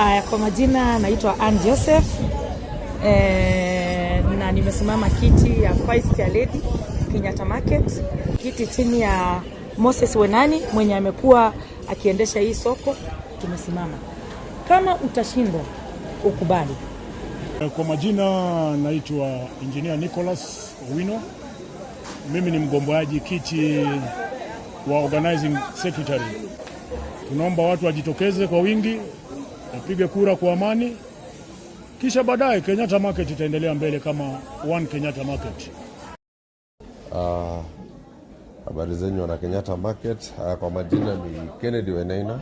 Uh, kwa majina naitwa Ann Joseph eh, na nimesimama kiti ya vice chair lady Kenyatta Market, kiti chini ya Moses Wenani mwenye amekuwa akiendesha hii soko. Tumesimama kama utashindwa ukubali. Kwa majina naitwa Engineer Nicholas Owino, mimi ni mgomboaji kiti wa organizing secretary. Tunaomba watu wajitokeze kwa wingi wapige kura kwa amani, kisha baadaye Kenyatta Market itaendelea mbele kama One Kenyatta Market. Uh, habari zenyu wana Kenyatta Market. Uh, kwa majina ni Kennedy Wenaina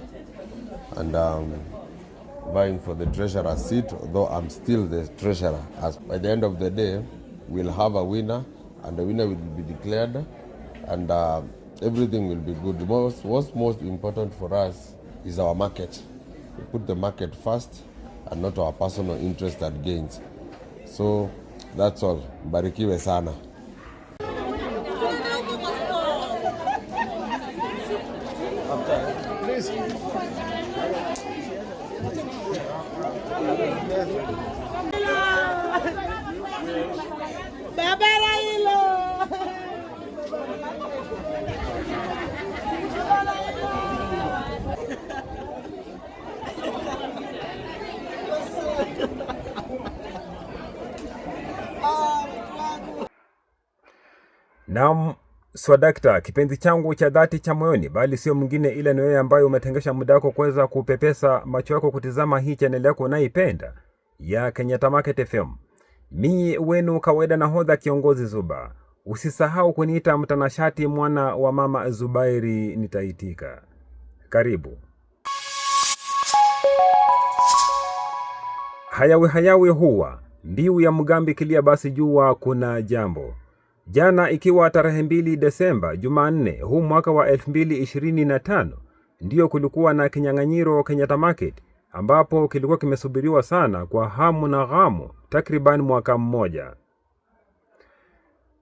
and um, vying for the treasurer seat though I'm still the treasurer as by the end of the day we'll have a winner and the winner will be declared and uh, everything will be good. Most, what's most important for us is our market we put the market first and not our personal interest and gains. So that's all. barikiwe sana. Naam swadakta, kipenzi changu cha dhati cha moyoni, bali sio mwingine ila ni wewe ambaye umetengesha muda wako kuweza kupepesa macho yako kutizama hii chaneli yako unaipenda ya Kenyatta Market FM. Mi wenu kawaida nahodha kiongozi Zuba. Usisahau kuniita mtanashati mwana wa mama Zubairi, nitaitika. Karibu. Hayawi hayawi huwa mbiu ya mgambi kilia, basi jua kuna jambo. Jana ikiwa tarehe mbili Desemba, Jumanne huu mwaka wa 2025, ndiyo kulikuwa na kinyang'anyiro Kenyatta Market ambapo kilikuwa kimesubiriwa sana kwa hamu na ghamu takriban mwaka mmoja.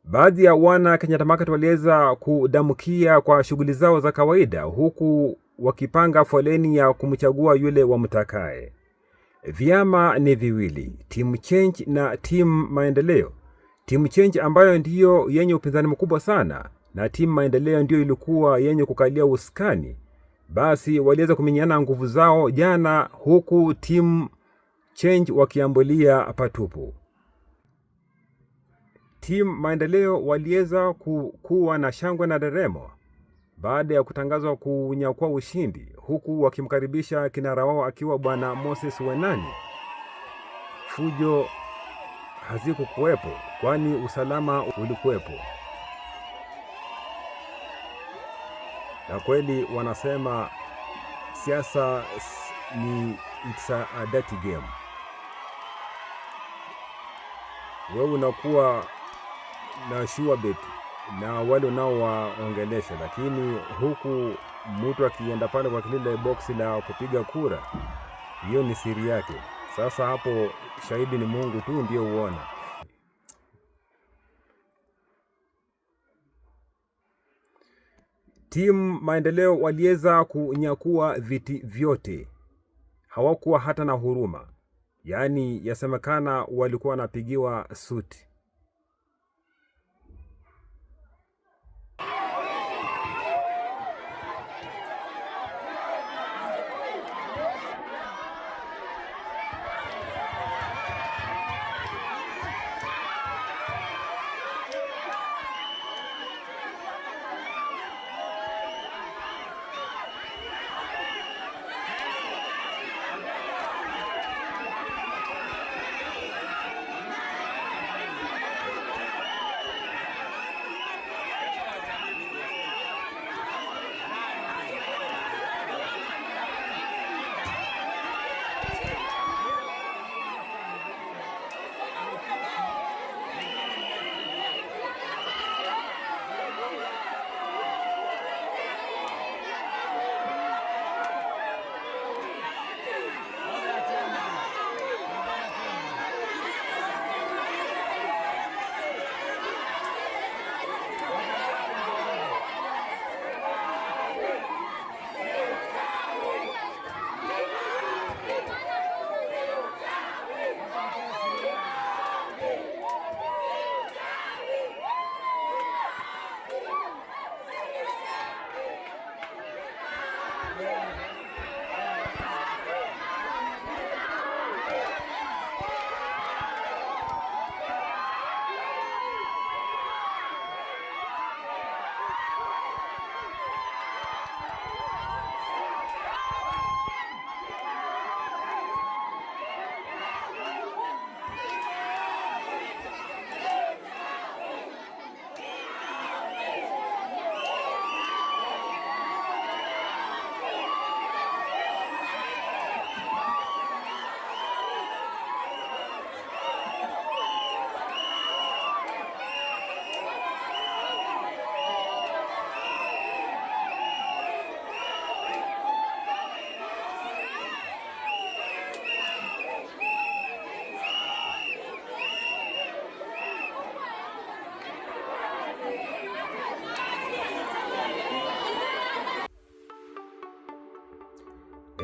Baadhi ya wana Kenyatta Market waliweza kudamkia kwa shughuli zao za kawaida, huku wakipanga foleni ya kumchagua yule wamtakaye. Vyama ni viwili, Team Change na Team Maendeleo Team Change ambayo ndiyo yenye upinzani mkubwa sana na timu Maendeleo ndiyo ilikuwa yenye kukalia usukani, basi waliweza kuminyana nguvu zao jana, huku Team Change wakiambulia patupu. Team Maendeleo waliweza kuwa na shangwe na deremo baada ya kutangazwa kunyakua ushindi, huku wakimkaribisha kinara wao akiwa Bwana Moses Wenani. Fujo hazikukuwepo kwani usalama ulikuwepo. Na kweli wanasema siasa ni it's a dirty game. Wewe unakuwa na sure bet na wale unaowaongelesha, lakini huku mtu akienda pale kwa kile boksi la kupiga kura, hiyo ni siri yake. Sasa hapo shahidi ni Mungu tu ndiye huona. Timu Maendeleo waliweza kunyakua viti vyote, hawakuwa hata na huruma, yaani yasemekana walikuwa wanapigiwa suti.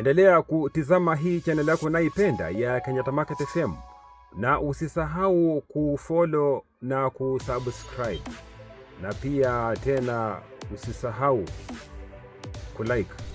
Endelea kutizama hii channel yako naipenda ya Kenyatta Market FM na usisahau kufollow na kusubscribe, na pia tena usisahau kulike.